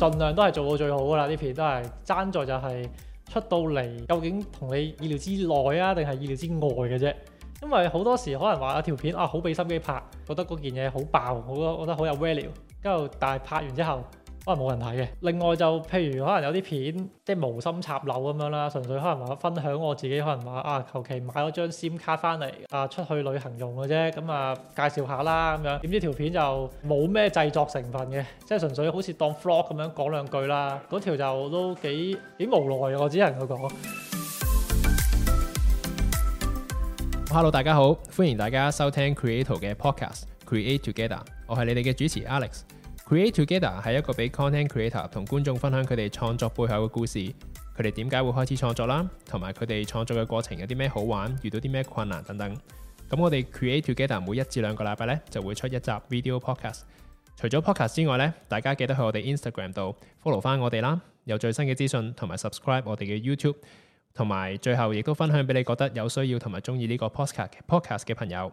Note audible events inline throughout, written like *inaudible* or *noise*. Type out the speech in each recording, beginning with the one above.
盡量都係做到最好㗎啦，呢片都係爭在就係出到嚟，究竟同你意料之內啊，定係意料之外嘅啫。因為好多時可能話有條片啊，好俾心機拍，覺得嗰件嘢好爆，我覺得覺得好有 value。跟住但係拍完之後。可能冇人睇嘅。另外就譬如可能有啲片即係無心插柳咁樣啦，純粹可能話分享我自己可能話啊，求其買咗張 SIM 卡翻嚟啊，出去旅行用嘅啫。咁、嗯、啊介紹下啦咁樣，點知條片就冇咩製作成分嘅，即係純粹好似當 Vlog 咁樣講兩句啦。嗰條就都幾幾無奈，我只能去講。Hello，大家好，歡迎大家收聽 Creator 嘅 Podcast Create Together，我係你哋嘅主持 Alex。Create Together 係一個俾 content creator 同觀眾分享佢哋創作背後嘅故事，佢哋點解會開始創作啦，同埋佢哋創作嘅過程有啲咩好玩，遇到啲咩困難等等。咁我哋 Create Together 每一至兩個禮拜咧就會出一集 video podcast。除咗 podcast 之外咧，大家記得去我哋 Instagram 度 follow 翻我哋啦，有最新嘅資訊同埋 subscribe 我哋嘅 YouTube，同埋最後亦都分享俾你覺得有需要同埋中意呢個 podcast podcast 嘅朋友。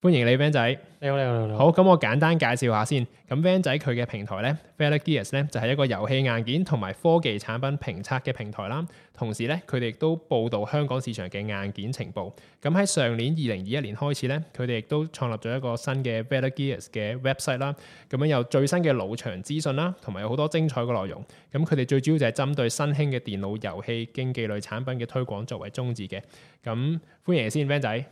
歡迎你 Van 仔。你好，你好，你好。好，咁我簡單介紹下先。咁 Van 仔佢嘅平台咧，Valor Gears 咧就係、是、一個遊戲硬件同埋科技產品評測嘅平台啦。同時咧，佢哋亦都報道香港市場嘅硬件情報。咁喺上年二零二一年開始咧，佢哋亦都創立咗一個新嘅 Valor Gears 嘅 website 啦。咁樣有最新嘅腦場資訊啦，同埋有好多精彩嘅內容。咁佢哋最主要就係針對新興嘅電腦遊戲、競技類產品嘅推廣作為宗旨嘅。咁歡迎先，Van 仔。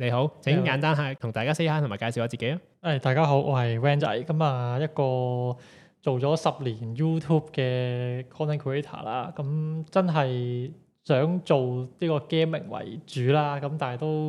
你好，請簡單下同大家 say hi，同埋介紹下自己啊。誒，大家好，我係 Van 仔，咁啊一個做咗十年 YouTube 嘅 content creator 啦。咁真係想做呢個 gaming 為主啦。咁但係都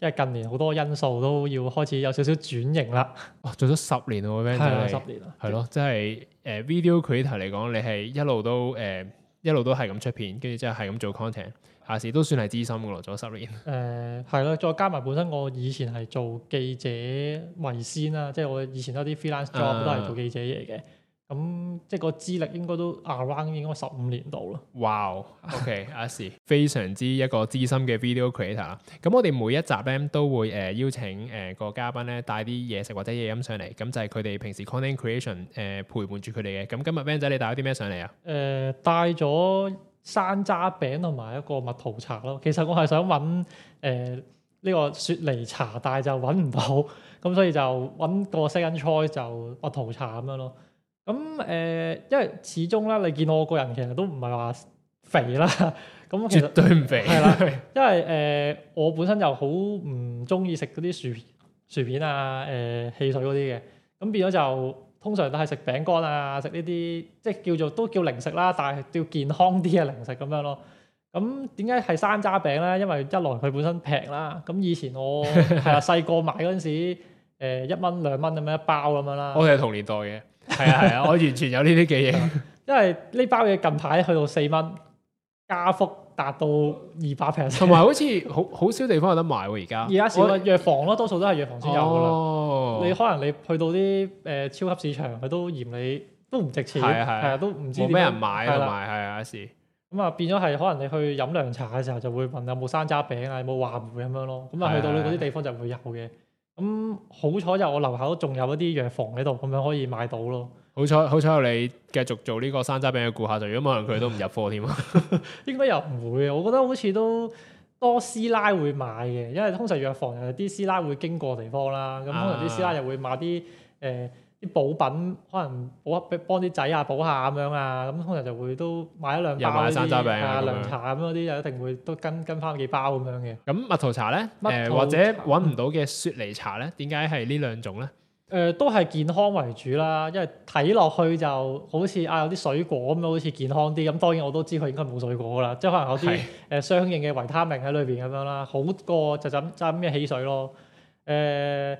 因為近年好多因素都要開始有少少轉型啦。哇、哦，做咗十年喎，Van 仔，十年啊，係咯，即係誒 video creator 嚟講，你係一路都誒、呃、一路都係咁出片，跟住之後係咁做 content。阿時、啊、都算係資深㗎喎，做咗十年。誒係咯，再加埋本身我以前係做記者為先啦，即係我以前有啲 freelance job、啊、都係做記者嘢嘅。咁即係個資歷應該都 around 應該十五年度啦。哇！OK，阿時、 *laughs* 啊、非常之一個資深嘅 video creator。咁我哋每一集咧都會誒邀請誒個嘉賓咧帶啲嘢食或者嘢飲上嚟，咁就係佢哋平時 content creation 誒陪伴住佢哋嘅。咁今日 Van 仔你帶咗啲咩上嚟啊？誒、呃、帶咗。山楂餅同埋一個蜜桃茶咯，其實我係想揾誒呢個雪梨茶，但係就揾唔到，咁所以就揾個 second choice，就蜜桃茶咁樣咯。咁誒、呃，因為始終咧，你見我個人其實都唔係話肥啦，咁其實絕對唔肥，因為誒、呃、我本身就好唔中意食嗰啲薯片、薯片啊、誒、呃、汽水嗰啲嘅，咁變咗就。通常都係食餅乾啊，食呢啲即係叫做都叫零食啦，但係叫健康啲嘅零食咁樣咯。咁點解係山楂餅咧？因為一來佢本身平啦，咁以前我係啊細個買嗰陣時，誒一蚊兩蚊咁樣一包咁樣啦。我哋係同年代嘅，係啊係啊，我完全有呢啲記憶。因為呢包嘢近排去到四蚊，加幅，達到二百平，同埋好似好好少地方有得賣喎，而家。而家少藥房咯，多數都係藥房先有噶啦。哦、你可能你去到啲誒、呃、超級市場，佢都嫌你都唔值錢，係啊，都唔知冇咩人買係咪？係啊，是。咁啊，變咗係可能你去飲涼茶嘅時候就會問有冇山楂餅啊，有冇話梅咁樣咯。咁啊，去到嗰啲地方就會有嘅。咁的好彩就我樓下仲有一啲藥房喺度，咁樣可以買到咯。好彩，好彩有你繼續做呢個山楂餅嘅顧客就，如果冇人佢都唔入貨添啊！應該又唔會啊，我覺得好似都多師奶會買嘅，因為通常藥房有啲師奶會經過地方啦，咁通常啲師奶又會買啲誒啲補品，可能補幫啲仔啊，補下咁樣啊，咁通常就會都買一兩包，又買山楂餅啊、啲涼茶咁嗰啲，就一定會都跟跟翻幾包咁樣嘅。咁蜜桃茶咧桃、呃，或者揾唔到嘅雪梨茶咧，點解係呢兩種咧？誒、呃、都係健康為主啦，因為睇落去就好似啊有啲水果咁樣，好似健康啲。咁當然我都知佢應該冇水果噶啦，即係可能有啲誒是、呃、相應嘅維他命喺裏邊咁樣啦，好過就飲、是、咩、就是、汽水咯。誒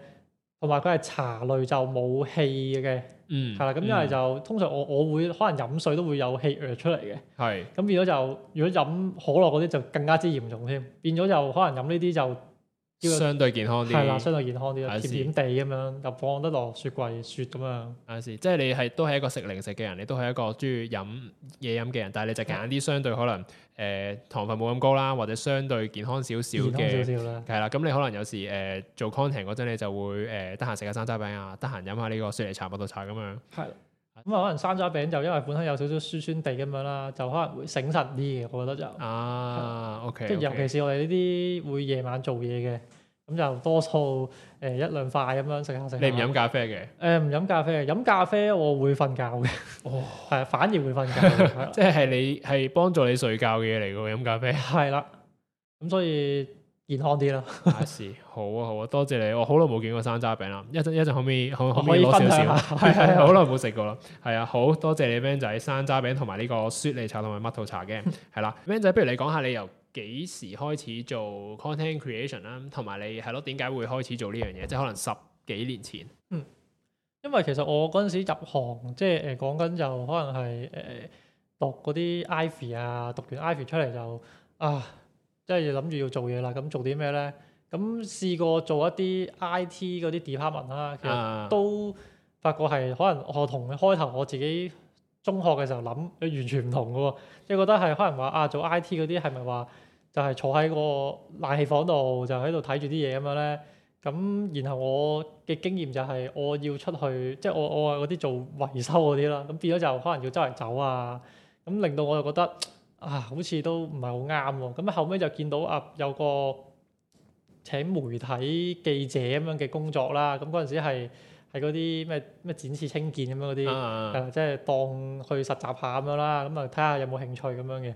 同埋佢係茶類就冇氣嘅，嗯，係啦。咁因為就、嗯、通常我我會可能飲水都會有氣出嚟嘅，係是。咁變咗就如果飲可樂嗰啲就更加之嚴重添，變咗就可能飲呢啲就。這個、相對健康啲，係啦，相對健康啲，甜的點地咁樣，又放得落雪櫃雪咁樣。有時，即係你係都係一個食零食嘅人，你都係一個中意飲嘢飲嘅人，但係你就揀啲相對的可能誒、呃、糖分冇咁高啦，或者相對健康少少嘅。少少啦，係啦的，咁你可能有時誒、呃、做 content 嗰陣，你就會誒得閒食下山楂餅啊，得閒飲下呢個雪梨茶、葡萄茶咁樣。係的。咁啊，可能山楂餅就因為本身有少少酸酸地咁樣啦，就可能會醒神啲嘅，我覺得就啊，OK，即、okay，係尤其是我哋呢啲會夜晚做嘢嘅，咁就多數誒一兩塊咁樣食下食。你唔飲咖啡嘅？誒唔飲咖啡，飲咖啡我會瞓覺嘅。 *laughs* 哦，係反而會瞓覺，即係 *laughs* 對 *laughs* 你係幫助你睡覺嘅嘢嚟嘅喎，飲咖啡。係啦，咁所以。健康啲咯、 *laughs* 啊，啊是好啊好啊，多謝你，我好耐冇見過山楂餅啦，可可以一陣一陣後面後後面攞少少，係係好耐冇食過咯，係 *laughs* 啊，好多謝你，Van 仔山楂餅同埋呢個雪梨茶同埋蜜桃茶嘅，係啦，Van *laughs* 仔不如你講下你由幾時開始做 content creation 啦，同埋你係咯點解會開始做呢樣嘢，即係可能十幾年前，嗯，因為其實我嗰陣時入行，即係誒、呃、講緊就可能係誒讀嗰啲 Ivy 啊，讀, Ivy, 讀完 Ivy 出嚟就啊。即係諗住要做嘢啦，咁做啲咩咧？咁試過做一啲 IT 嗰啲 department 啦，其實都發覺係可能我同開頭我自己中學嘅時候諗，完全唔同㗎喎。即係覺得係可能話啊，做 IT 嗰啲係咪話就係坐喺個冷氣房度就喺度睇住啲嘢咁樣咧？咁然後我嘅經驗就係我要出去，即係我我係嗰啲做維修嗰啲啦。咁變咗就可能要周圍走啊，咁令到我就覺得。啊，好似都唔係好啱喎。咁後尾就見到啊，有個請媒體記者咁樣嘅工作啦。咁嗰陣時係係嗰啲咩咩展示清潔咁樣嗰啲，即係當去實習下咁樣啦。咁啊睇下有冇興趣咁樣嘅。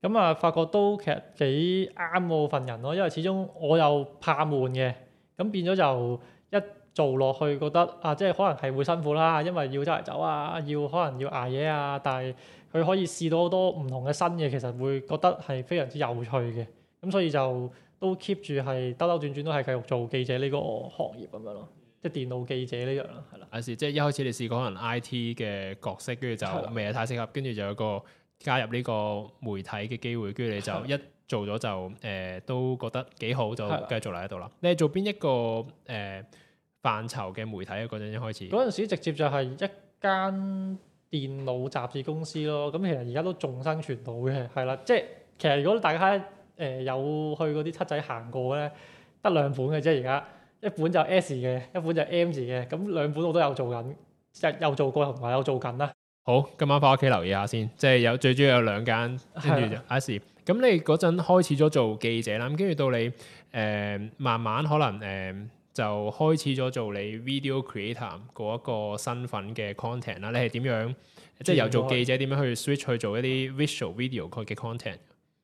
咁啊發覺都其實幾啱我份人咯，因為始終我又怕悶嘅。咁變咗就一做落去覺得啊，即係可能係會辛苦啦，因為要出嚟走啊，要可能要捱夜啊，但係，佢可以試到好多唔同嘅新嘢，其實會覺得係非常之有趣嘅。咁所以就都 keep 住係兜兜轉轉都係繼續做記者呢個行業咁樣咯，即係電腦記者呢樣啦，係啦。有時即係一開始你試過可能 IT 嘅角色，跟住就未係太適合，跟住的就有個加入呢個媒體嘅機會，跟住你就一做咗就誒的、呃、都覺得幾好，就繼續留喺度啦。的你係做邊一個誒範疇嘅媒體啊？嗰陣一開始嗰陣時直接就係一間電腦雜誌公司咯，咁其實而家都仲生存到嘅，係啦，即係其實如果大家誒、呃、有去嗰啲七仔行過咧，得兩款嘅啫，而家一本就 S 嘅，一本就 M 字嘅，咁兩本我都有做緊，即係又做過同埋有做緊啦。好，今晚返屋企留意下先，即係有最主要有兩間跟住就 S，咁的、啊、你嗰陣開始咗做記者啦，咁跟住到你誒、呃、慢慢可能誒。呃就開始咗做你 video creator 嗰一個身份嘅 content 啦。你係點樣？即係是由做記者點樣去 switch 去做一啲 visual video 佢嘅 content？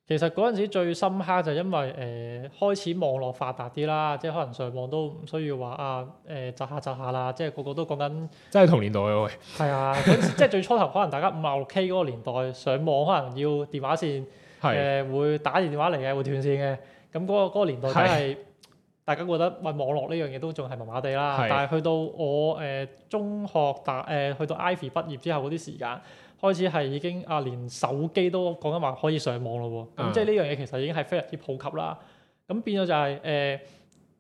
其實嗰陣時最深刻就係因為誒、呃、開始網絡發達啲啦，即係可能上網都唔需要話啊誒，窒下窒下啦，即係個個都講緊。即係同年代喎，係啊！啊 *laughs* 即係最初頭可能大家五啊六 K 嗰個年代上網，可能要電話線誒是、呃、會打電話嚟嘅，會斷線嘅。咁嗰、嗰個嗰個年代真係。大家覺得運網絡呢樣嘢都仲係麻麻地啦，是但係去到我誒、呃、中學大誒、呃、去到 Ivy 畢業之後嗰啲時間，開始係已經啊連手機都講緊話可以上網咯喎，咁即係呢樣嘢其實已經係非常之普及啦。咁變咗就係誒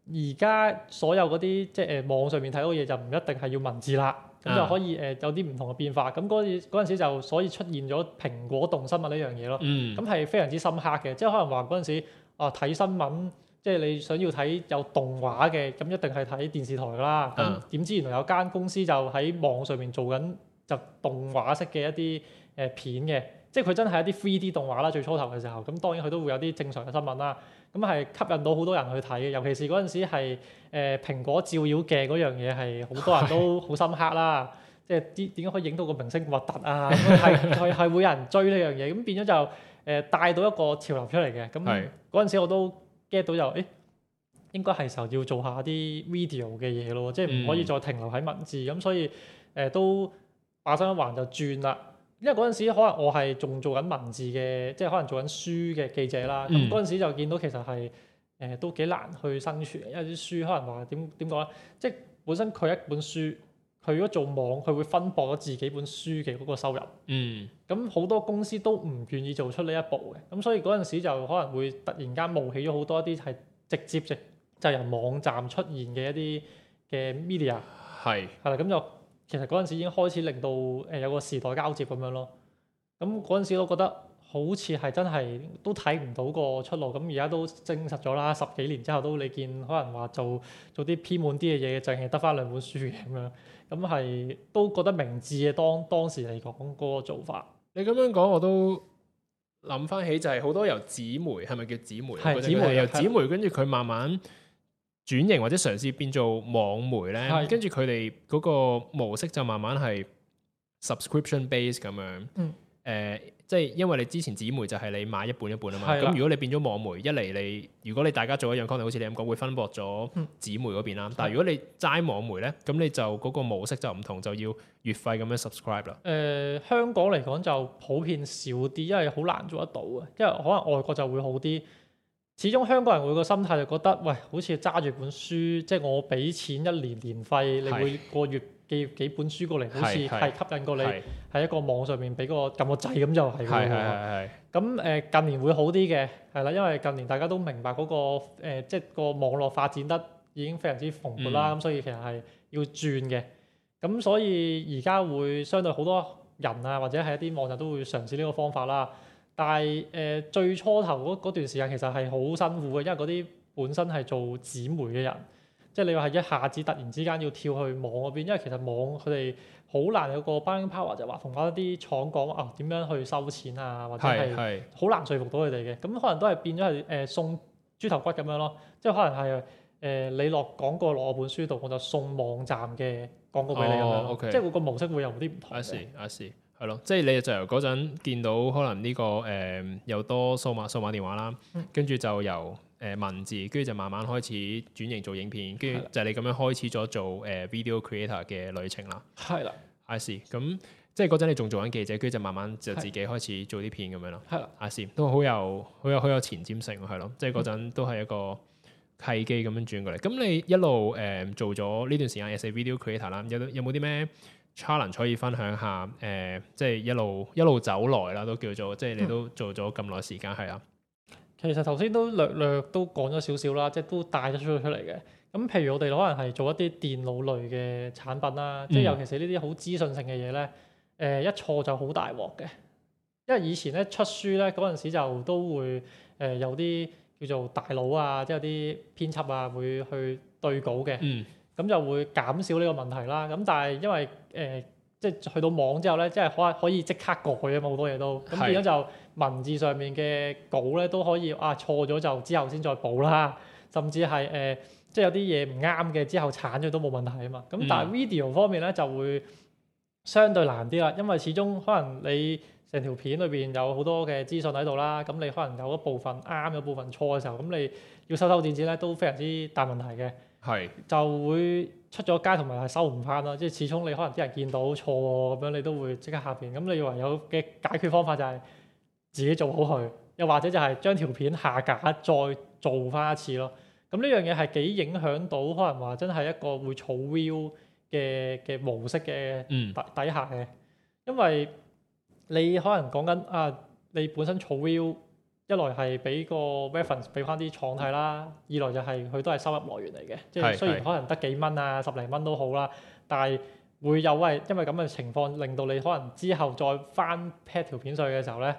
而家所有嗰啲即係誒網上面睇到嘢就唔一定係要文字啦，咁就可以誒、呃嗯、有啲唔同嘅變化。咁嗰陣嗰陣時就所以出現咗蘋果動新聞呢樣嘢咯，咁係非常之深刻嘅，嗯、即係可能話嗰陣時啊睇新聞。即係你想要睇有動畫嘅，咁一定係睇電視台噶啦。點、嗯、知原來有間公司就喺網上面做緊就動畫式嘅一啲誒片嘅，即係佢真係一啲 3D 動畫啦。最初頭嘅時候，咁當然佢都會有啲正常嘅新聞啦。咁係吸引到好多人去睇，尤其是嗰陣時係誒蘋果照妖鏡嗰樣嘢，係好多人都好深刻啦。是即係啲點解可以影到個明星，核突啊？係係係會有人追呢樣嘢，咁變咗就誒帶到一個潮流出嚟嘅。咁嗰陣時我都 get 到又誒、欸，應該係時候要做下啲 video 嘅嘢咯，即係唔可以再停留喺文字，咁、嗯、所以誒、呃、都把心一橫就轉啦。因為嗰陣時可能我係仲做緊文字嘅，即係可能做緊書嘅記者啦。咁嗰陣時就見到其實係誒、呃、都幾難去生存，因為啲書可能話點點講呢，即係本身佢一本書。佢如果做網，佢會分薄咗自己本書嘅嗰個收入。嗯。咁好多公司都唔願意做出呢一步嘅，咁所以嗰陣時就可能會突然間冒起咗好多一啲係直接直就由網站出現嘅一啲嘅 media 係。係。係啦，咁就其實嗰陣時已經開始令到誒、呃、有個時代交接咁樣咯。咁嗰陣時我都覺得，好似係真係都睇唔到個出路，咁而家都證實咗啦。十幾年之後都你見可能話做做啲偏門啲嘅嘢，淨係得翻兩本書咁樣。咁係都覺得明智嘅。當當時嚟講嗰個做法，你咁樣講我都諗翻起就係好多由紙媒，係咪叫紙媒？紙媒由紙媒跟住佢慢慢轉型或者嘗試變做網媒咧，跟住佢哋嗰個模式就慢慢係 subscription base 咁樣，呃。嗯。即係因為你之前紙媒就係你買一半一半啊嘛，咁是的 如果你變咗網媒，一嚟你如果你大家做一樣康，好似你咁講，會分薄咗紙媒嗰邊啦。嗯、但係如果你齋網媒咧，咁你就嗰、那個模式就唔同，就要月費咁樣 subscribe 啦。誒，香港嚟講就普遍少啲，因為好難做得到啊。因為可能外國就會好啲，始終香港人個心態就覺得，喂，好似揸住本書，即、就、係、是、我俾錢一年年費，你會過月。寄幾本書過嚟，好似係吸引過你，係是是 一個網上面俾個撳個掣咁就係喎。咁誒近年會好啲嘅，係啦，因為近年大家都明白嗰、那個即係、就是、個網絡發展得已經非常之蓬勃啦。咁、嗯、所以其實係要轉嘅。咁所以而家會相對好多人啊，或者係一啲網站都會嘗試呢個方法啦。但係誒最初頭嗰段時間其實係好辛苦嘅，因為嗰啲本身係做紙媒嘅人。即係你話係一下子突然之間要跳去網嗰邊，因為其實網佢哋好難有個 buying power，就話同一啲廠講啊點樣去收錢啊，或者係好難説服到佢哋嘅。咁是是、嗯、可能都係變咗係誒送豬頭骨咁樣咯。即係可能係誒、呃、你落廣告落我本書度，我就送網站嘅廣告俾你咁樣咯。哦 okay、即係個模式會有啲唔同。阿時阿時係咯，即係你就由嗰陣見到可能呢、呢個誒又、呃、多數碼數碼電話啦，跟住、嗯、就由。誒文字，跟住就慢慢開始轉型做影片，跟住就你咁樣開始咗做誒 video creator 嘅旅程啦。係啦的，I see，咁即係嗰陣你仲做緊記者，跟住就慢慢就自己開始做啲片咁樣咯。係的，I see 都好有好有好有前瞻性，係咯。即係嗰陣都係一個契機咁樣轉過嚟。咁、嗯、你一路誒、呃、做咗呢段時間嘅 as a video creator 啦，有有冇啲咩 challenge 可以分享下？誒、呃，即係一路一路走來啦，都叫做即係你都做咗咁耐時間係啊。嗯其實頭先都略略都講咗少少啦，即係都帶咗出咗出嚟嘅。咁譬如我哋可能係做一啲電腦類嘅產品啦，嗯、即係尤其是呢啲好資訊性嘅嘢咧，誒、呃、一錯就好大鑊嘅。因為以前咧出書咧嗰陣時就都會誒、呃、有啲叫做大佬啊，即係有啲編輯啊會去對稿嘅，咁、嗯、就會減少呢個問題啦。咁但係因為誒、呃、即係去到網之後咧，即係可可以即刻改去啊嘛，好多嘢都咁變咗就。文字上面嘅稿咧都可以啊，錯咗就之後先再補啦。甚至係誒、呃，即係有啲嘢唔啱嘅之後鏟咗都冇問題啊嘛。咁但係 video 方面咧就會相對難啲啦，因為始終可能你成條片裏邊有好多嘅資訊喺度啦，咁你可能有一部分啱，有部分錯嘅時候，咁你要收收剪剪咧都非常之大問題嘅。係是就會出咗街同埋收唔返咯，即係始終你可能啲人見到錯咁樣，你都會即刻下邊咁。你以為有嘅解決方法就係、是、～自己做好佢，又或者就係將條片下架，再做翻一次咯。咁呢樣嘢係幾影響到，可能話真係一個會儲 view 嘅嘅模式嘅底下嘅。嗯、因為你可能講緊啊，你本身儲 view 一來係俾個 reference 俾翻啲廠睇啦，嗯、二來就係佢都係收入來源嚟嘅。嗯、即係雖然可能得幾蚊啊，嗯、十零蚊都好啦，但係會有喂，因為咁嘅情況令到你可能之後再翻撇條片上去嘅時候咧。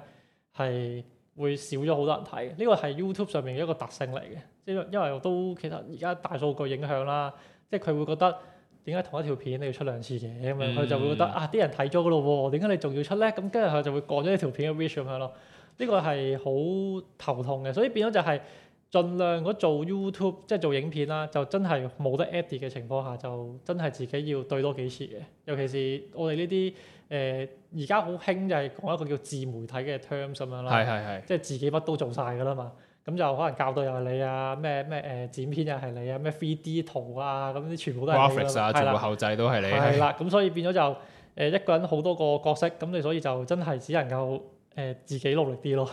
係會少咗好多人睇，呢、這個係 YouTube 上面嘅一個特性嚟嘅。即係因為都其實而家大數據影響啦，即係佢會覺得點解同一條片你要出兩次嘅咁樣，佢、嗯、就會覺得啊，啲人睇咗嘅咯喎，點解你仲要出咧？咁跟住佢就會降咗呢條片嘅 view 咁樣咯。呢、這個係好頭痛嘅，所以變咗就係、是。儘量如果做 YouTube 即係做影片啦，就真係冇得 edit 嘅情況下，就真係自己要對多幾次嘅。尤其是我哋呢啲誒而家好興就係講一個叫自媒體嘅 terms 咁樣咯，係係係，即係自己乜都做晒噶啦嘛。咁、嗯、就可能教導又係你啊，咩咩誒剪片又係你啊，咩 3D 圖啊，咁啲全部都係你咯，係全部後製都係你係啦。咁所以變咗就誒一個人好多個角色，咁你所以就真係只能夠誒自己努力啲咯。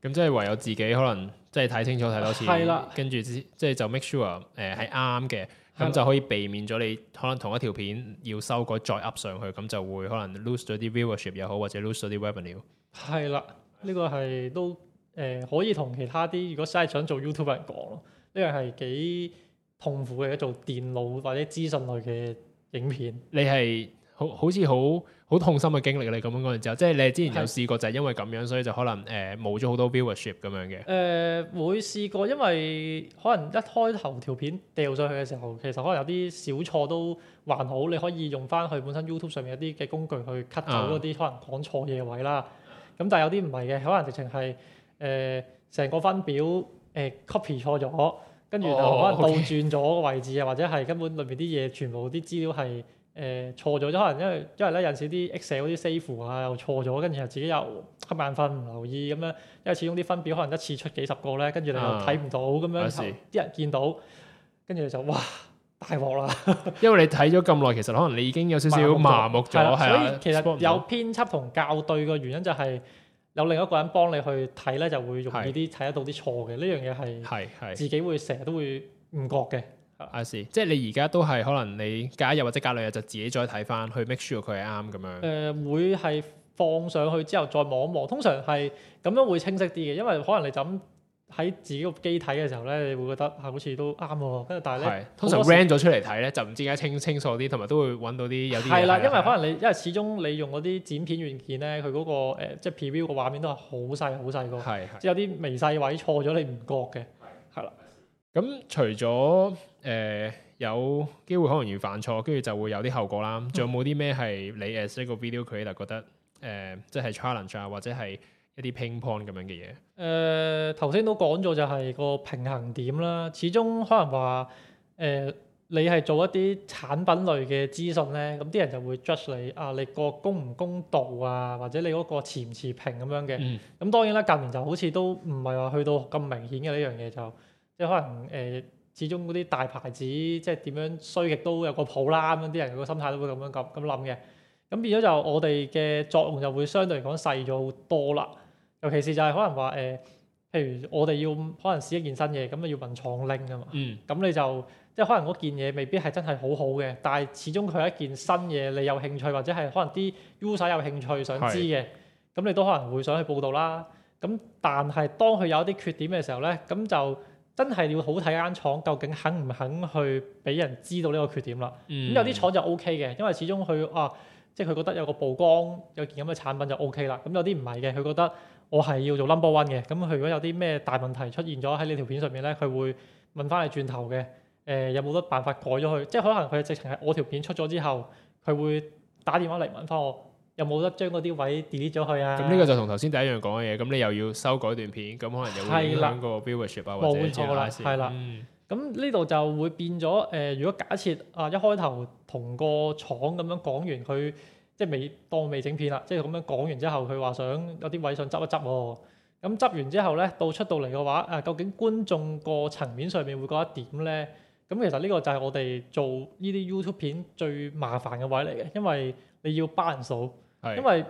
咁 *laughs* 即係唯有自己可能。即係睇清楚睇多次，係啦，跟住即係就 make sure 誒係啱嘅，咁就可以避免咗你可能同一條片要修改再 up 上去，咁就會可能 lose 咗啲 viewership 又好，或者 lose 咗啲 revenue。係啦，呢、這個係都誒、呃、可以同其他啲，如果真係想做 YouTube 人講咯，呢樣係幾痛苦嘅，做電腦或者資訊類嘅影片。你係。好好似好好痛心嘅經歷，你咁樣講完之後，即係你之前有試過，就係因為咁樣，是所以就可能誒冇咗好多 viewership 咁樣嘅。誒，會試過，因為可能一開頭條片掉上去嘅時候，其實可能有啲小錯都還好，你可以用翻佢本身 YouTube 上面一啲嘅工具去 cut 走嗰啲可能講錯嘢位啦。咁、嗯、但係有啲唔係嘅，可能直情係誒成個分表誒、呃、copy 錯咗，跟住就可能倒轉咗個位置啊，哦 okay、或者係根本裏面啲嘢全部啲資料係。誒、呃、錯咗，即係可能因為因為咧有時啲 X 嗰啲 save 啊又錯咗，跟住又自己又瞌眼瞓唔留意咁樣，因為始終啲分表可能一次出幾十個咧，跟住你又睇唔到咁樣，啲、啊、人見到，跟住就哇大鑊啦！因為你睇咗咁耐，其實可能你已經有少少麻木咗。所以其實有編輯同校對嘅原因就係、是、有另一個人幫你去睇咧，就會容易啲睇得到啲錯嘅。呢樣嘢係係自己會成日都會唔覺嘅。阿 s 即係你而家都係可能你隔一日或者隔兩日，日就自己再睇翻，去 make sure 佢係啱咁樣。誒、呃，會係放上去之後再望一望，通常係咁樣會清晰啲嘅，因為可能你就咁喺自己個機睇嘅時候咧，你會覺得嚇好似都啱喎。跟住但係咧，是通常 render 咗出嚟睇咧，就唔知點解清清楚啲，同埋都會揾到啲有啲嘢。係啦，因為可能你因為始終你用嗰啲剪片軟件咧，佢嗰、那個、呃、即係 preview 個畫面都係好細好細個，即的的有啲微細位錯咗你唔覺嘅。咁除咗誒、呃、有機會可能要犯錯，跟住就會有啲後果啦。仲有冇啲咩係你誒，呢個 video creator 覺得誒、呃，即係 challenge 啊，或者係一啲 ping pong 咁樣嘅嘢？誒、呃，頭先都講咗就係個平衡點啦。始終可能話誒、呃，你係做一啲產品類嘅資訊咧，咁啲人就會 judge 你啊，你個公唔公道啊，或者你嗰個持唔持平咁樣嘅。咁、嗯、當然啦，近年就好似都唔係話去到咁明顯嘅呢樣嘢就。即可能誒、呃，始終嗰啲大牌子，即係點樣衰極都有個譜啦，咁樣啲人個心態都會咁樣咁咁諗嘅。咁變咗就我哋嘅作用就會相對嚟講細咗好多啦。尤其是就係可能話誒、呃，譬如我哋要可能試一件新嘢，咁啊要問廠領㗎嘛。嗯。咁你就即係可能嗰件嘢未必係真係好好嘅，但係始終佢係一件新嘢，你有興趣或者係可能啲 user 有興趣想知嘅，咁是你都可能會想去報導啦。咁但係當佢有啲缺點嘅時候咧，咁就真係要好睇間廠究竟肯唔肯去俾人知道呢個缺點啦。咁、嗯、有啲廠就 O K 嘅，因為始終佢啊，即係佢覺得有個曝光有件咁嘅產品就 O K 啦。咁有啲唔係嘅，佢覺得我係要做 number one 嘅。咁佢如果有啲咩大問題出現咗喺呢條片上面咧，佢會問翻你轉頭嘅。誒、呃，有冇得辦法改咗佢？即係可能佢直情係我條片出咗之後，佢會打電話嚟問翻我。有冇得將嗰啲位 delete 咗去啊？咁呢個就同頭先第一樣講嘅嘢，咁你又要修改段片，咁可能又會影響個 viewership 啊，或者點啊，係啦，咁呢度就會變咗誒。如果假設啊，一開頭同個廠咁樣講完，佢即係未當未整片啦，即係咁樣講完之後，佢話想有啲位想執一執喎。咁執完之後咧，到出到嚟嘅話，啊，究竟觀眾個層面上面會覺得點咧？咁其實呢個就係我哋做呢啲 YouTube 片最麻煩嘅位嚟嘅，因為你要班人數。因為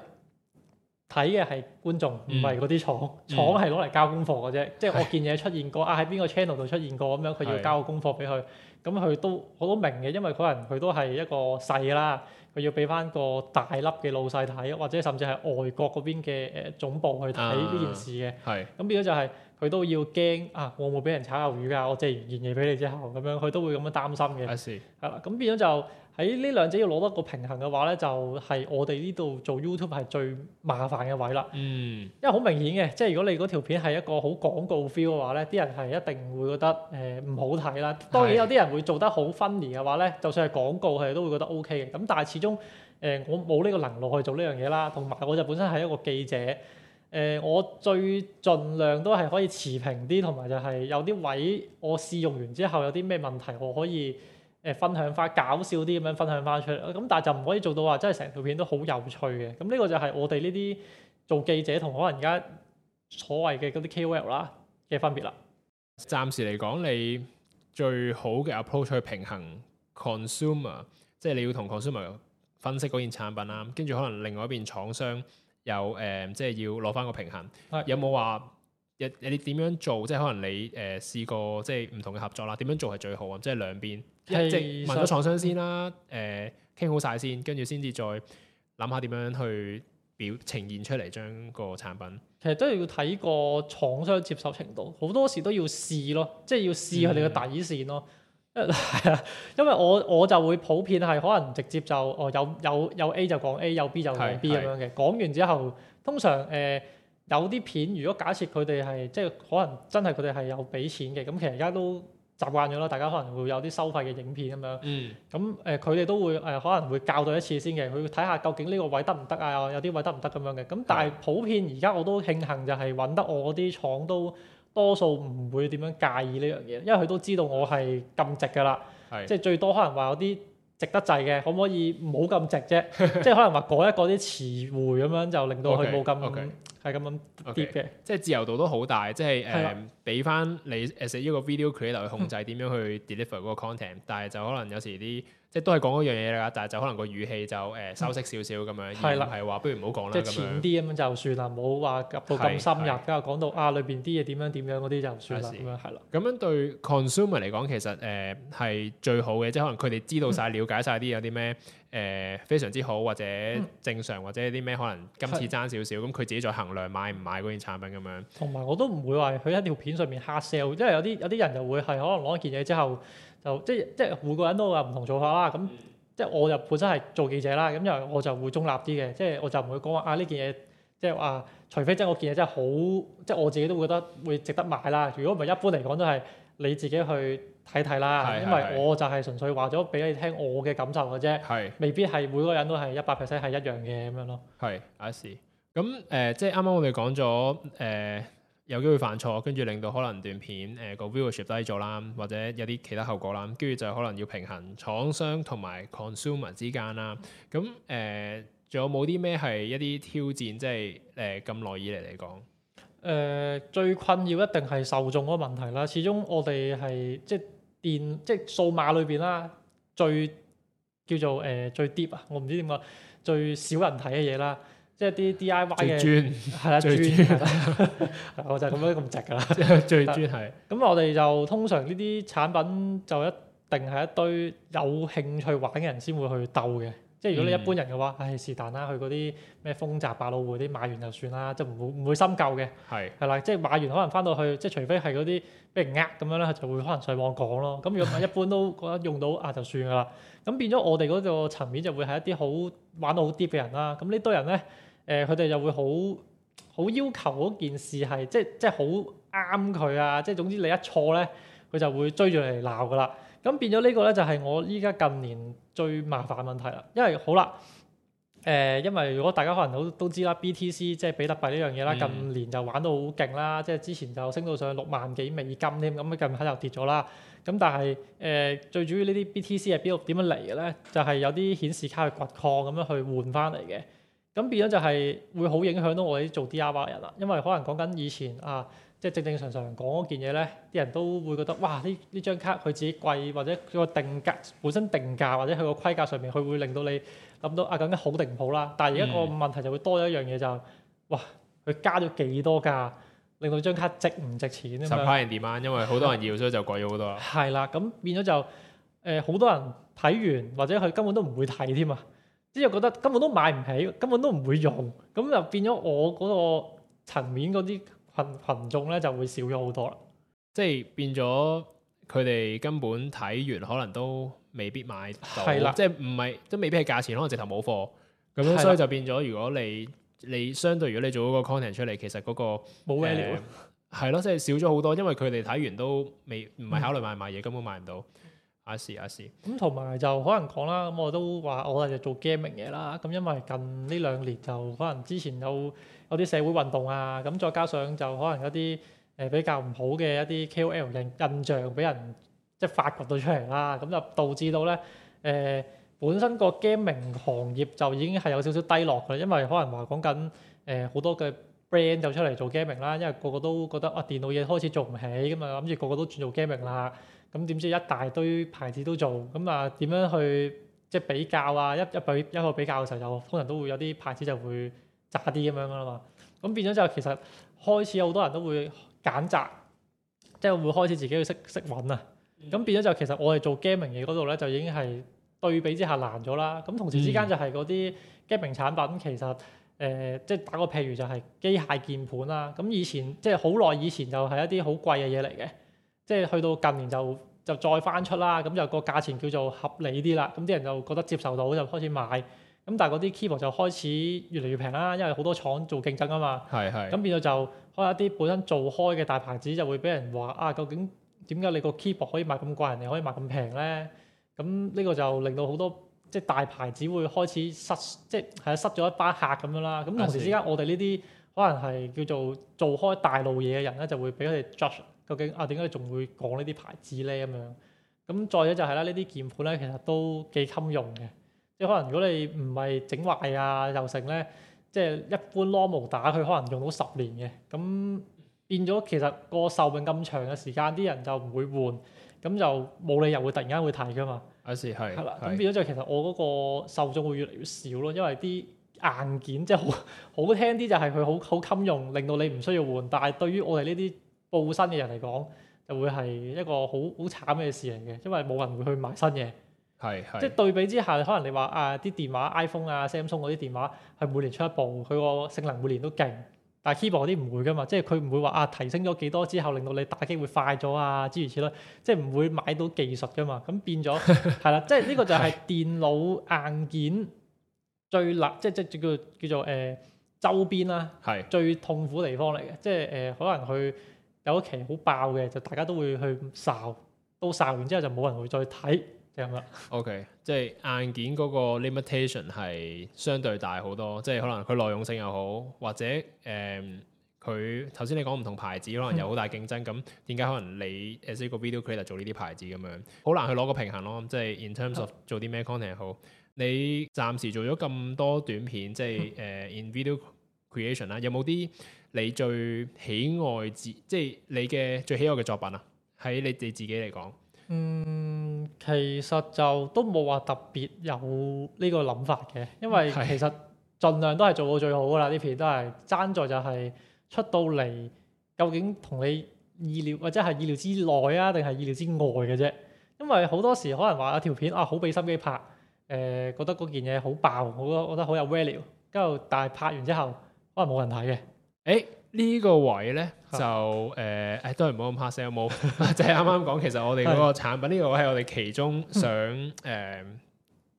睇嘅係觀眾，唔係嗰啲廠。廠係攞嚟交功課嘅啫，嗯、即係我見嘢出現過，是啊，喺邊個 channel 度出現過咁樣，佢要交個功課俾佢。咁佢是都我都明嘅，因為可能佢都係一個細啦，佢要俾翻個大粒嘅老細睇，或者甚至係外國嗰邊嘅誒總部去睇呢件事嘅。係咁、啊、變咗就係、是。佢都要驚啊！我會俾人炒魷魚㗎，我借完嘢俾你之後，咁樣佢都會咁樣擔心嘅。係啦 I see.，咁變咗就喺呢兩者要攞得個平衡嘅話咧，就係、是、我哋呢度做 YouTube 係最麻煩嘅位啦。嗯，mm. 因為好明顯嘅，即係如果你嗰條片係一個好廣告 feel 嘅話咧，啲人係一定會覺得誒唔好睇啦。當然有啲人會做得好分離嘅話咧，就算係廣告佢都會覺得 OK 嘅。咁但係始終誒、呃、我冇呢個能力去做呢樣嘢啦，同埋我就本身係一個記者。誒、呃，我最盡量都係可以持平啲，同埋就係有啲位我試用完之後有啲咩問題，我可以誒，分享翻，搞笑啲咁樣分享翻出嚟。咁但係就唔可以做到話真係成條片都好有趣嘅。咁呢個就係我哋呢啲做記者同可能而家所謂嘅嗰啲 KOL 啦嘅分別啦。暫時嚟講，你最好嘅 approach 去平衡 consumer，即係你要同 consumer 分析嗰件產品啦，跟住可能另外一邊廠商有誒、呃，即係要攞翻個平衡。是有冇話，你你點樣做？即係可能你誒試過即係唔同嘅合作啦。點樣做係最好啊？即係兩邊即係實問咗廠商先啦，誒、呃、傾好晒先，跟住先至再諗下點樣去表呈現出嚟，將個產品其實都要睇個廠商接受程度，好多時都要試咯，即係要試佢哋嘅底線咯。嗯。係啊， *laughs* 因為我我就會普遍係可能直接就哦有有有 A 就講 A 有 B 就講 B 咁樣嘅。係係講完之後，通常誒、呃、有啲片，如果假設佢哋係即係可能真係佢哋係有俾錢嘅，咁其實而家都習慣咗啦。大家可能會有啲收費嘅影片咁樣。嗯樣。咁誒佢哋都會誒、呃、可能會教到一次先嘅，佢會睇下究竟呢個位得唔得啊？有啲位得唔得咁樣嘅。咁但係普遍而家我都慶幸就係揾得我啲廠都。多數唔會點樣介意呢樣嘢，因為佢都知道我係咁直㗎啦。是即係最多可能話有啲直得滯嘅，可唔可以唔好咁直啫？ *laughs* 即係可能話改一改啲詞彙咁樣，就令到佢冇咁係咁樣跌嘅。Okay, okay. Okay, 即係自由度都好大，即係誒，俾翻的你誒 as a video creator 去控制點樣去 deliver 嗰個 content， *laughs* 但係就可能有時啲。即係都係講嗰樣嘢啦，但係就是、可能個語氣就誒、呃、收息少少咁樣，而唔係話不如唔好講啦。即係淺啲咁樣就算啦，冇話入到咁深入，而家講到啊裏邊啲嘢點樣點樣嗰啲就唔算啦，咁樣啦。咁樣對 consumer 嚟講其實誒係、呃、最好嘅，即係可能佢哋知道晒，嗯、了解晒啲有啲咩誒非常之好或者正常、嗯、或者啲咩可能今次爭少少，咁佢、嗯、自己再衡量買唔買嗰件產品咁樣。同埋我都唔會話喺一條片上面黑 sell，因為有啲有啲人就會係可能攞一件嘢之後。就即即每個人都有唔同做法啦，咁即係我就本身係做記者啦，咁因為我就會中立啲嘅，即係我就唔會講話啊呢件嘢，即係話、啊、除非真我件嘢真係好，即係我自己都會覺得會值得買啦。如果唔係一般嚟講都係你自己去睇睇啦，是是是是因為我就係純粹話咗俾你聽我嘅感受嘅啫，係是未必係每個人都係一百 percent 係一樣嘅咁樣咯。係阿士，咁誒、呃、即係啱啱我哋講咗誒。呃有機會犯錯，跟住令到可能段片誒、呃、個 viewership 低咗啦，或者有啲其他後果啦，跟住就可能要平衡廠商同埋 consumer 之間啦。咁誒，仲、呃、有冇啲咩係一啲挑戰？即係誒咁耐以嚟嚟講，誒、呃、最困擾一定係受眾嗰個問題啦。始終我哋係即係電即係數碼裏邊啦，最叫做誒、呃、最 deep 啊，我唔知點講，最少人睇嘅嘢啦。即係啲 D.I.Y. 嘅，最係啦，啊、最專我就係咁樣咁值㗎啦，即係最專係。咁我哋就通常呢啲產品就一定係一堆有興趣玩嘅人先會去鬥嘅。即係如果你一般人嘅話，唉、嗯，是但啦，去嗰啲咩豐澤、百老匯啲買完就算啦，就唔會唔會深究嘅。係係啦，即係買完可能返到去，即係除非係嗰啲俾人呃咁樣咧，就會可能上網講咯。咁如果一般都覺得用到啊就算㗎啦。咁變咗我哋嗰個層面就會係一啲好玩到好 deep 嘅人啦。咁呢堆人咧。誒佢哋就會好好要求嗰件事係即係即係好啱佢啊！即係總之你一錯咧，佢就會追住嚟鬧噶啦。咁變咗呢個咧就係、是、我依家近年最麻煩問題啦。因為好啦，誒、呃、因為如果大家可能都都知啦，BTC 即係比特幣呢樣嘢啦，近年就玩到好勁啦，即係、嗯、之前就升到上六萬幾美金添，咁近下又跌咗啦。咁但係誒、呃、最主要呢啲 BTC 係邊度點樣嚟嘅咧？就係、是、有啲顯示卡去掘礦咁樣去換翻嚟嘅。咁變咗就係會好影響到我哋做 DIY 人啦，因為可能講緊以前啊，即係正正常常講件嘢咧，啲人都會覺得哇，呢呢張卡佢自己貴，或者佢個定價本身定價或者佢個規格上面，佢會令到你諗到啊，究竟好定唔好啦？但係而家個問題就會多咗一樣嘢就係，嗯、哇，佢加咗幾多價，令到張卡值唔值錢啊？十塊人點啊？Demand，因為好多人要，啊、所以就貴咗好多啊。係啦，咁變咗就誒，好、呃、多人睇完或者佢根本都唔會睇添啊。之後覺得根本都買唔起，根本都唔會用，咁就變咗我嗰個層面嗰啲群羣眾咧就會少咗好多啦。即係變咗佢哋根本睇完可能都未必買到，的即係唔係都未必係價錢，可能直頭冇貨咁樣，的所以就變咗如果你你相對如果你做嗰個 content 出嚟，其實嗰、嗰個冇 value 係咯，即係、呃就係、少咗好多，因為佢哋睇完都未唔係考慮買唔買嘢，嗯、根本買唔到。I 咁同埋就可能講啦，咁、嗯、我都話我哋就做 gaming 嘢啦。咁、嗯、因為近呢兩年就可能之前有有啲社會運動啊，咁、嗯、再加上就可能有啲誒比較唔好嘅一啲 KOL 嘅印象俾人即係發掘到出嚟啦，咁、嗯、就導致到咧誒、呃、本身個 gaming 行業就已經係有少少低落啦，因為可能話講緊誒好多嘅 brand 就出嚟做 gaming 啦，因為個個都覺得哇電腦嘢開始做唔起，咁啊諗住個個都轉做 gaming 啦。咁點知一大堆牌子都做，咁啊點樣去即係比較啊？一一個一個比較嘅時候，就可能都會有啲牌子就會渣啲咁樣噶啦嘛。咁變咗之後就其實開始好多人都會揀擇，即係會開始自己去識識揾啊。咁變咗就其實我哋做 gaming 嘢嗰度咧，就已經係對比之下難咗啦。咁同時之間就係嗰啲 gaming 產品、嗯、其實誒、呃，即係打個譬如就係機械鍵盤啦。咁以前即係好耐以前就係一啲好貴嘅嘢嚟嘅。即係去到近年就就再翻出啦，咁就個價錢叫做合理啲啦，咁啲人就覺得接受到，就開始買。咁但係嗰啲 keyboard 就開始越嚟越平啦，因為好多廠做競爭啊嘛。係咁是是 變到就開一啲本身做開嘅大牌子就會俾人話啊，究竟點解你個 keyboard 可以賣咁貴，人哋可以賣咁平咧？咁呢個就令到好多即係大牌子會開始失，即係失咗一班客咁樣啦。咁同時之間，我哋呢啲可能係叫做做開大路嘢嘅人咧，就會俾佢哋究竟啊，點解你仲會講呢啲牌子呢？咁樣咁再者就係、是、啦，呢啲鍵盤咧，其實都幾襟用嘅，即係可能如果你唔係整壞啊又成咧，即係一般 normal 打佢，可能用到十年嘅。咁變咗其實個壽命咁長嘅時間，啲人就唔會換，咁就冇理由會突然間會睇㗎嘛。有時係，係啦。咁了的變咗就其實我嗰個受眾會越嚟越少咯，因為啲硬件即係好好聽啲，就係佢好好襟用，令到你唔需要換。但係對於我哋呢啲。報新嘅人嚟講，就會係一個好好慘嘅事嚟嘅，因為冇人會去買新嘢。係係，即係對比之下，可能你話啊啲電話 iPhone 啊、Samsung 嗰啲電話係每年出一部，佢個性能每年都勁，但係 keyboard 嗰啲唔會㗎嘛，即係佢唔會話啊提升咗幾多之後，令到你打機會快咗啊之如此類咯，即係唔會買到技術㗎嘛。咁變咗係啦，即係呢個就係電腦硬件最難，即係即係叫叫做誒、呃、周邊啦、啊，係是最痛苦地方嚟嘅，即係誒、呃呃、可能去。有一期好爆嘅，就大家都會去哨。到哨完之後就冇人會再睇，就咁、是、啦。O、okay, K，即係硬件嗰個 limitation 係相對大好多，即係可能佢耐用性又好，或者誒佢頭先你講唔同牌子可能有好大競爭，咁點解可能你 as a video creator 做呢啲牌子咁樣，好難去攞個平衡咯。即係 in terms of、嗯、做啲咩 content 好，你暫時做咗咁多短片，即係誒、呃、in video creation 啦，有冇啲？你最喜愛自，即係你嘅最喜愛嘅作品啊！喺你你自己嚟講，嗯，其實就都冇話特別有呢個諗法嘅，因為其實盡量都係做到最好噶啦。呢是的 片都係爭在就係出到嚟，究竟同你意料或者係意料之內啊，定係意料之外嘅啫。因為好多時可能話有條片啊，好俾心機拍，誒、呃，覺得嗰件嘢好爆，我覺得好有 value。但係拍完之後可能冇人睇嘅。誒，呢、欸這個位咧就誒，誒都係唔好咁 pass。死有冇？就係啱啱講，其實我哋嗰個產品呢個位係我哋其中想誒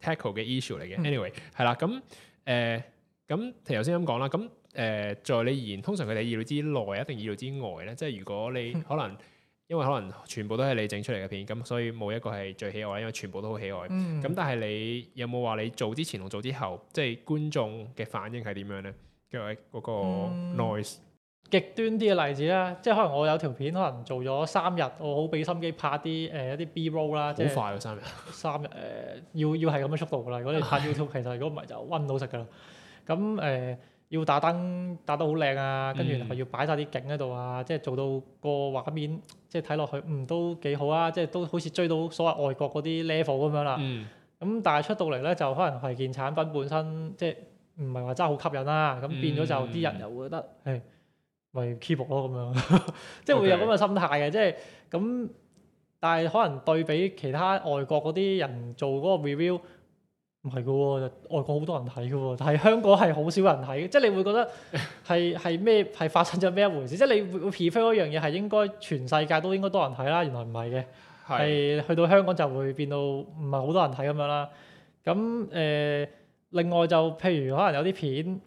tackle 嘅 issue 嚟嘅。Anyway，係啦，咁誒、呃，咁頭先咁講啦，咁、呃、誒，在、呃呃呃呃、你而言，通常佢哋意料之內，一定意料之外咧。即係如果你可能，因為可能全部都係你整出嚟嘅片，咁所以冇一個係最喜愛，因為全部都好喜愛。咁、嗯、但係你有冇話你做之前同做之後，即係觀眾嘅反應係點樣咧？因為嗰個 noise、嗯、極端啲嘅例子啦，即係可能我有條片可能做咗三、呃、三日，我好俾心機拍啲誒一啲 B roll 啦。即係好快㗎，三日。三日誒，要要係咁嘅速度㗎啦。如果你拍 YouTube，其實如果唔係就揾唔到食㗎啦。咁誒、呃、要打燈打得好靚啊，跟住係要擺晒啲景喺度啊，即係做到個畫面即係睇落去，嗯都幾好啊，即係都好似追到所謂外國嗰啲 level 咁樣啦。嗯。咁但係出到嚟咧，就可能係件產品本身即係。唔係話真係好吸引啦，咁變咗就啲人又會覺得係咪 keyboard 咯咁樣， *laughs* 即係會有咁嘅心態嘅，Okay. 即係咁。但係可能對比其他外國嗰啲人做嗰個 review，唔係嘅喎，外國好多人睇嘅喎，但係香港係好少人睇，即係你會覺得係係咩係發生咗咩一回事？即係你會 prefer 嗰樣嘢係應該全世界都應該多人睇啦，原來唔係嘅，係是去到香港就會變到唔係好多人睇咁樣啦。咁誒。呃另外就譬如可能有啲片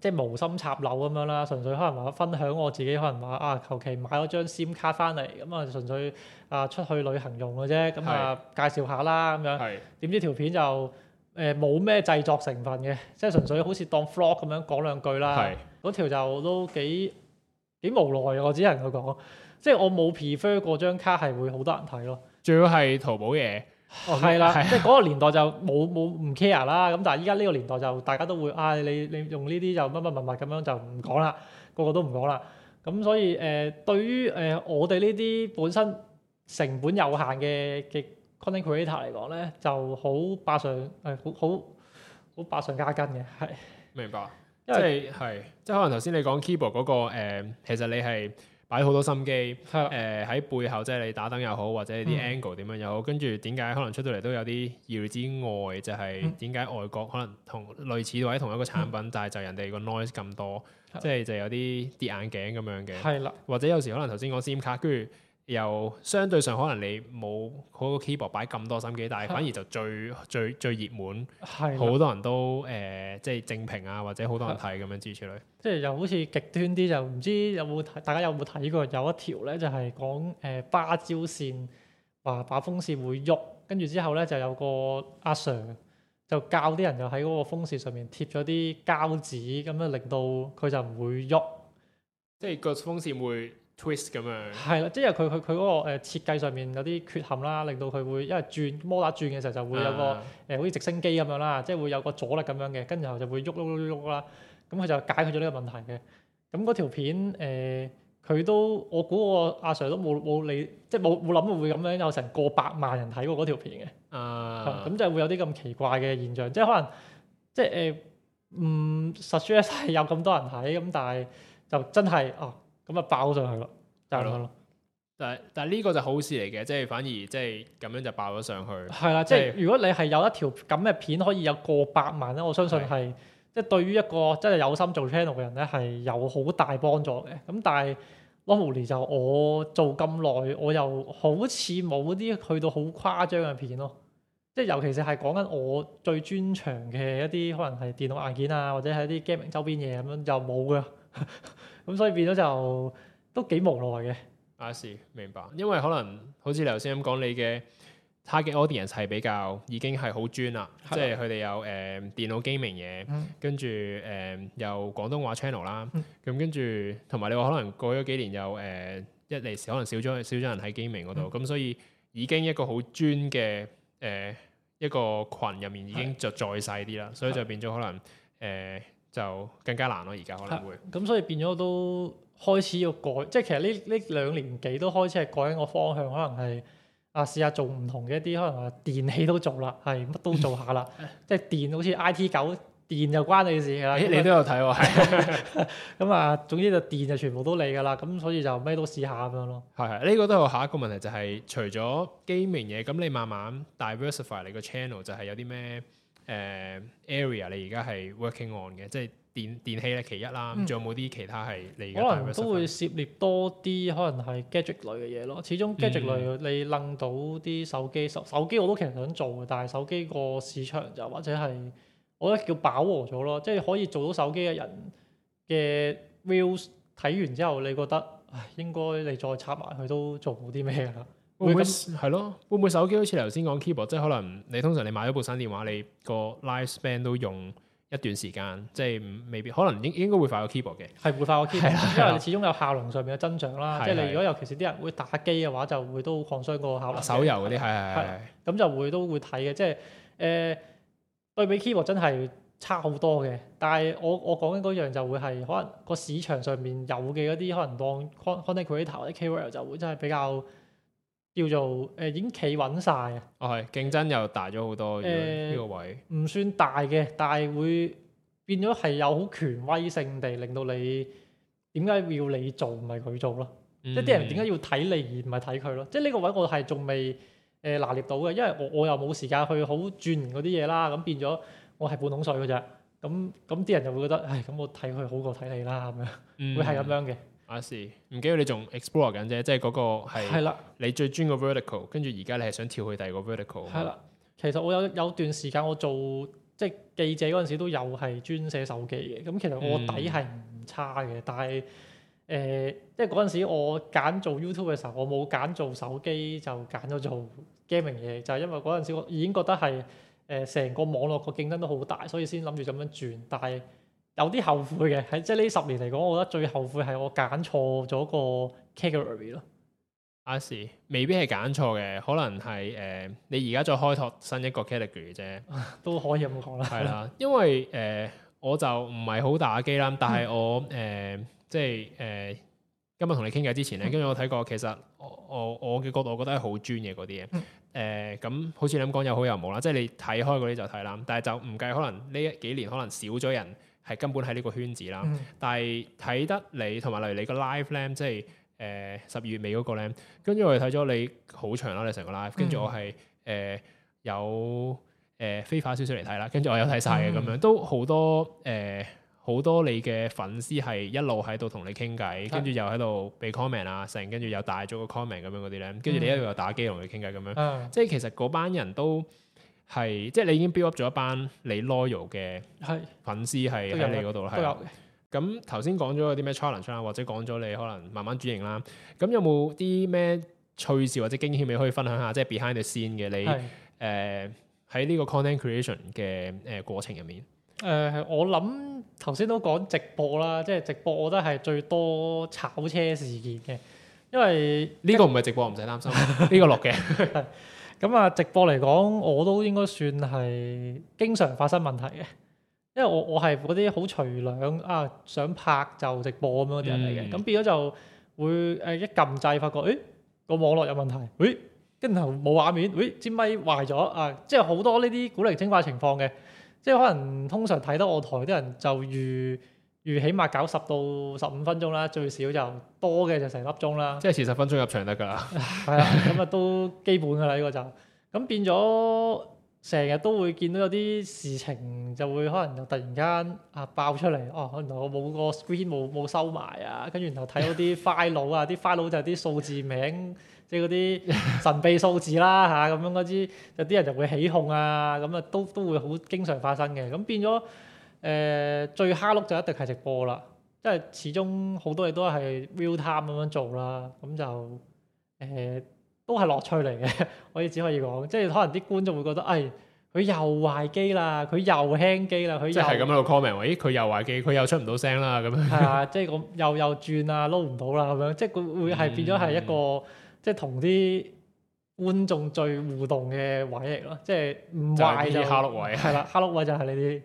即係無心插柳咁樣啦，純粹可能話分享我自己，可能話啊求其買咗張 SIM 卡翻嚟，咁啊純粹啊出去旅行用嘅啫，咁啊介紹下啦咁樣。點是的 知條片就誒冇咩製作成分嘅，即係純粹好似當 Vlog 咁樣講兩句啦。嗰是的 條就都幾幾無奈，我只能夠講，即係我冇 prefer 過張卡係會好多人睇咯。仲要係淘寶嘢。哦，係啦，啊、即係嗰個年代就冇冇唔 care 啦，咁但係依家呢個年代就大家都會啊，你你用呢啲就乜乜乜乜咁樣就唔講啦，個個都唔講啦。咁所以誒、呃，對於誒、呃、我哋呢啲本身成本有限嘅嘅 content creator 嚟講咧，就好百上誒好好好百上加斤嘅，係。明白，因為係即係可能頭先你講 keyboard 嗰、嗰個、呃、其實你係。擺好多心機，誒喺的、呃、背後即係你打燈又好，或者你啲 angle 點樣又好，跟住點解可能出到嚟都有啲意料之外，就係點解外國可能同類似或者同一個產品，但係、嗯、就人哋個 noise 咁多，的即係就有啲跌眼鏡咁樣嘅，的或者有時可能頭先講 SIM 卡又相對上可能你冇嗰個 keyboard 擺咁多心機，但係反而就最的最最熱門，好的多人都誒即係正評啊，或者好多人睇咁樣的之類。即係又好似極端啲，就唔知有冇睇，大家有冇睇過？有一條咧就係講誒芭蕉扇話把風扇會喐，跟住之後咧就有個阿 Sir 就教啲人就喺嗰個風扇上面貼咗啲膠紙，咁樣令到佢就唔會喐，即係個風扇會。twist 咁樣，係 *noise* 啦，即係佢佢佢嗰個誒設計上面有啲缺陷啦，令到佢會因為轉摩打轉嘅時候就會有個誒好似直升機咁樣啦，即、就、係、係、會有個阻力咁樣嘅，跟住後就會喐喐喐喐啦。咁佢就解決咗呢個問題嘅。咁嗰條片誒，佢、呃、都我估個阿 Sir 都冇冇理，即係冇冇諗會咁樣有成過百萬人睇過嗰條片嘅。啊、uh，咁、嗯嗯、就係、會有啲咁奇怪嘅現象，即係可能即係誒，嗯、呃，實輸一世有咁多人睇，咁但係就真係哦。啊咁啊爆咗上去咯，就係咯，但係但係呢個就好事嚟嘅，即係反而即係咁樣就爆咗上去。係啦、嗯，即係的是如果你係有一條咁嘅片可以有過百萬咧，我相信係即係對於一個真係有心做 channel 嘅人咧，係有好大幫助嘅。咁但係 normally 就我做咁耐，我又好似冇啲去到好誇張嘅片咯。即係尤其是係講緊我最專長嘅一啲，可能係電腦硬件啊，或者係一啲 gaming 周邊嘢咁樣，又冇嘅。 *laughs* 咁所以變咗就都幾無奈嘅、啊。啊是明白，因為可能好似你頭先咁講，你嘅 target audience 係比較已經係好專啦，的即係佢哋有誒、呃、電腦 gaming 嘢，跟住誒有廣東話 channel 啦。咁跟住同埋你話可能過咗幾年又誒、呃、一嚟時可能少咗少咗人喺 gaming 嗰度，咁、嗯嗯、所以已經一個好專嘅誒一個群入面已經着再細啲啦，所以就變咗可能誒。呃呃就更加難咯！而家可能會咁，所以變咗都開始要改，即係其實呢呢兩年幾都開始係改緊個方向，可能係啊試下做唔同嘅一啲，可能話電器都做啦，係乜都做下啦， *laughs* 即係電好似 I T 九電就關你事噶啦。咦、欸？天你都有睇喎、哦，係咁啊！總之就電就全部都你噶啦，咁所以就咩都試下咁樣咯。係係，呢、這個都係下一個問題，就係、是、除咗機明嘢，咁你慢慢 diversify 你個 channel，就係、是、有啲咩？誒、uh, area 你而家係 working on 嘅，即係電電器咧其一啦。咁仲，嗯、有冇啲其他係你可能都會涉獵多啲，可能係 gadget 類嘅嘢咯。始終 gadget 類、嗯、你撚到啲手機手手機我都其實想做嘅，但係手機個市場就或者係我覺得叫飽和咗咯。即係可以做到手機嘅人嘅 views 睇完之後，你覺得唉，應該你再插埋去都做唔到啲咩啦。嗯會唔會咯？會唔會手機好似你頭先講 keyboard？即係可能你通常你買咗部新電話，你個 life span 都用一段時間，即係未必可能應應該會快個 keyboard 嘅，係會快個 keyboard，因為始終有效能上面嘅增長啦。的即係你如果尤其是啲人會打機嘅話，就會都擴張個效手遊嗰啲係係咁，就會都會睇嘅，即係誒對比 keyboard 真係差好多嘅。但係我我講緊嗰樣就會、是、係可能個市場上面有嘅嗰啲可能當 concentrator 啲 k e y b a r d 就會真係比較。叫做誒、呃、已經企穩晒，啊！哦，係競爭又大咗好多呢、呃、個位，唔算大嘅，但係會變咗係有好權威性地，令到你點解要你做唔係佢做咯？即係啲人點解要睇你而唔係睇佢咯？即係呢個位我係仲未誒拿捏到嘅，因為我我又冇時間去好轉嗰啲嘢啦。咁變咗我係半桶水嘅啫。咁咁啲人就會覺得，唉，咁我睇佢好過睇你啦，咁、嗯、樣會係咁樣嘅。阿 s 唔、啊、記得你仲 explore 緊啫，即係嗰個係係啦，你最專個 vertical，跟住而家你係想跳去第二個 vertical。係啦，其實我有有段時間我做即係記者嗰陣時都有係專寫手機嘅，咁其實我底係唔差嘅，嗯、但係誒，即係嗰陣時我揀做 YouTube 嘅時候，我冇揀做手機，就揀咗做 gaming 嘢，就係、是、因為嗰陣時我已經覺得係誒成個網絡個競爭都好大，所以先諗住咁樣轉，但係。有啲後悔嘅，喺即係呢十年嚟講，我覺得最後悔係我揀錯咗個 category 咯。阿時、啊、未必係揀錯嘅，可能係誒、呃、你而家再開拓新一個 category 啫、啊，都可以咁講啦。係啦，因為誒、呃、我就唔係好打機啦，但係我誒、 *laughs* 呃、即係誒、呃、今日同你傾偈之前咧，跟住我睇過，其實我我嘅角度，我覺得係、 *laughs* 呃、好專嘅嗰啲嘢。誒咁好似你咁講有好有冇啦，即、就、係、是、你睇開嗰啲就睇啦，但係就唔計可能呢幾年可能少咗人。係根本喺呢個圈子啦，嗯、但係睇得你同埋例如你個 live 咧，即係誒十二月尾嗰個咧，跟住我哋睇咗你好長啦，你成個 live，跟住我係誒、呃、有誒飛快少少嚟睇啦，跟住我有睇晒嘅咁樣，都好多誒好多你嘅粉絲係一路喺度同你傾偈，跟住又喺度俾 comment 啊，成跟住又帶咗個 comment 咁樣嗰啲咧，跟住你一路又打機同佢傾偈咁樣，即係其實嗰班人都。係，即係你已經 build up 咗一班你 loyal 嘅粉絲係喺你嗰度啦。都有嘅。咁頭先講咗啲咩 challenge 啦，或者講咗你可能慢慢轉型啦。咁有冇啲咩趣事或者驚險你可以分享下？即係 behind the scene 嘅你誒喺呢個 content creation 嘅誒過程入面。誒、呃，我諗頭先都講直播啦，即、就、係、是、直播我覺得係最多炒車事件嘅，因為呢個唔係直播，唔使 *laughs* 擔心，呢、這個落嘅。咁啊，直播嚟講，我都應該算係經常發生問題嘅，因為我我係嗰啲好隨兩啊，想拍就直播咁樣啲人嚟嘅，咁、嗯、變咗就會誒一撳掣，發覺誒個、哎、網絡有問題，誒跟住冇畫面，誒支咪壞咗啊，即係好多呢啲古靈精怪情況嘅，即係可能通常睇到我台啲人就遇。如起碼搞十到十五分鐘啦，最少就多嘅就成粒鐘啦。即係前十分鐘入場得㗎。係 *laughs* 啊，咁啊都基本㗎啦呢個就。咁變咗成日都會見到有啲事情就會可能就突然間啊爆出嚟，哦，可能我冇個 screen 冇冇收埋啊，跟住、啊、然後睇到啲 file 啊，啲 file *laughs* 就係啲數字名，即係嗰啲神秘數字啦嚇，咁樣嗰啲有啲人就會起哄啊，咁啊都都會好經常發生嘅。咁變咗。誒最蝦碌就一定係直播啦，因為始終好多嘢都係 real time 咁樣做啦，咁就誒、呃、都係樂趣嚟嘅，我亦只可以講，即係可能啲觀眾會覺得誒佢、哎、又壞機啦，佢又輕機啦，佢即係咁喺度 comment，佢又壞機，佢、哎、又，又出唔到聲啦咁樣。係啊，即係咁又又轉啊撈唔到啦咁樣，即係會會係變咗係一個、嗯、即係同啲觀眾最互動嘅位嚟咯，即係唔壞就蝦碌位，係啦蝦碌位就係你啲。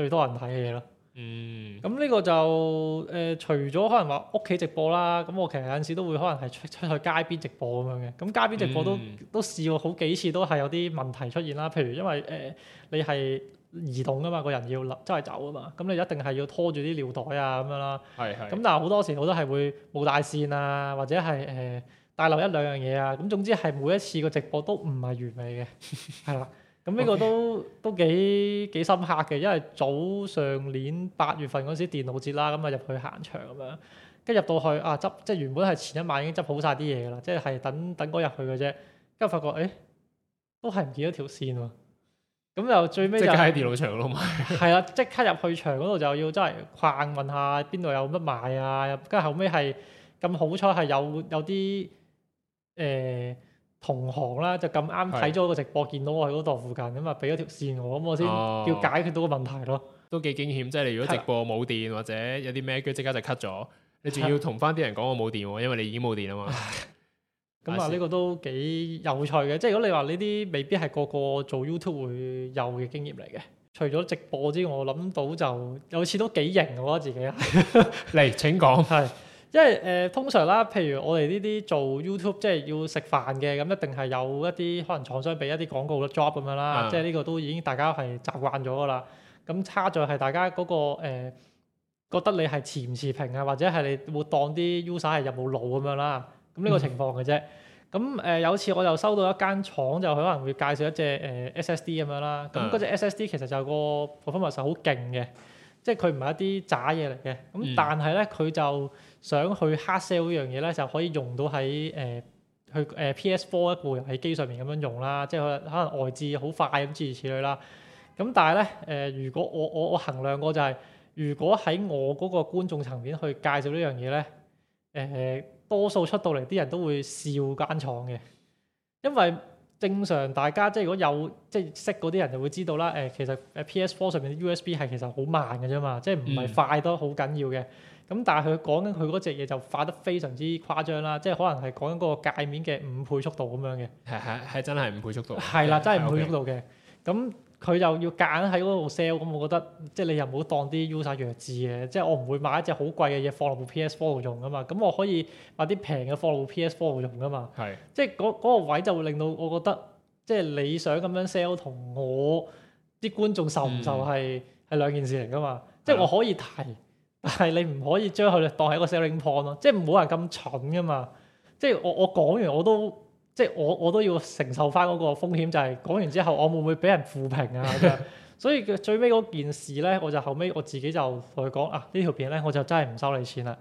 最多人睇嘅嘢咯，嗯，咁呢個就誒、呃，除咗可能話屋企直播啦，咁我其實有陣時都會可能係出出去街邊直播咁樣嘅，咁街邊直播都、嗯、都試過好幾次，都係有啲問題出現啦，譬如因為誒、呃、你係移動噶嘛，個人要走即係周圍走啊嘛，咁你一定係要拖住啲尿袋啊咁樣啦，係係、嗯，咁、嗯、但係好多時我都係會冇帶線啊，或者係誒帶漏一兩樣嘢啊，咁總之係每一次個直播都唔係完美嘅，係 *laughs* 啦。咁呢個都 Okay. 都幾幾深刻嘅，因為早上年八月份嗰時電腦節啦，咁啊入去行場咁樣，跟住入到去啊執即係原本係前一晚已經執好晒啲嘢㗎啦，即係等等嗰日去嘅啫，跟住發覺誒、欸、都係唔見咗條線喎。咁、嗯、就最尾即刻喺電腦場嗰度買。係啦、啊，即刻入去場嗰度就要真係逛，問下邊度有乜買啊？跟住後尾係咁好彩係有有啲誒。同行啦，就咁啱睇咗個直播，是見到我喺嗰度附近咁啊，俾咗條線我，咁我先、哦、要解決到個問題咯。都幾驚險，即係你如果直播冇電、啊、或者有啲咩，跟住即刻就 cut 咗，你仲要同翻啲人講我冇電喎，因為你已經冇電啊嘛。咁啊，呢、啊呢個都幾有趣嘅，即係如果你話呢啲未必係個個做 YouTube 會有嘅經驗嚟嘅。除咗直播之外，我諗到就有次都幾型嘅，我覺得自己。嚟 *laughs* 請講。因為誒、呃、通常啦，譬如我哋呢啲做 YouTube 即係要食飯嘅，咁一定係有一啲可能廠商俾一啲廣告 job 咁樣啦，嗯、即係呢個都已經大家係習慣咗噶啦。咁差在係大家嗰、嗰個誒、呃、覺得你係持唔持平啊，或者係你會當啲 user 係入冇腦咁樣啦。咁呢個情況嘅啫。咁誒、嗯、有次我就收到一間廠就佢可能會介紹一隻誒、呃、SSD 咁樣啦。咁嗰隻 SSD 其實就個 performance 好勁嘅，即係佢唔係一啲渣嘢嚟嘅。咁但係咧佢就、嗯想去 hard sell 呢樣嘢咧，就可以用到喺誒去、呃、誒 PS4 一部遊戲機上面咁樣用啦，即係可能可能外置好快咁諸如此類啦。咁但係咧誒，如果我我我衡量過就係、是，如果喺我嗰個觀眾層面去介紹呢樣嘢咧，誒、呃、多數出到嚟啲人都會笑間廠嘅，因為。正常大家即係如果有即係識嗰啲人就會知道啦。誒、呃，其實誒 PS4 上面啲 USB 係其實好慢嘅啫嘛，即係唔係快得好緊要嘅。咁、嗯、但係佢講緊佢嗰隻嘢就快得非常之誇張啦，即係可能係講緊嗰個界面嘅五倍速度咁樣嘅。係係係真係五倍速度。係啦，真係五倍速度嘅。咁的。佢就要夾硬喺嗰度 sell，咁我覺得即係你又唔好當啲 user 弱智嘅，即係我唔會買一隻好貴嘅嘢放落部 PS4 度用噶嘛，咁的我可以買啲平嘅放落部 PS4 度用噶嘛，係的，即係嗰個位就會令到我覺得即係你想咁樣 sell 同我啲觀眾受唔受係係、嗯、兩件事嚟噶嘛，即係我可以提，啊、但係你唔可以將佢當係一個 selling point 咯，即冇人咁蠢噶嘛，即係我我講完我都。即係我我都要承受翻嗰個風險，就係、是、講完之後我會唔會俾人負評啊？ *laughs* 所以最尾嗰件事咧，我就後尾我自己就同佢講啊，呢條片咧我就真係唔收你錢啦，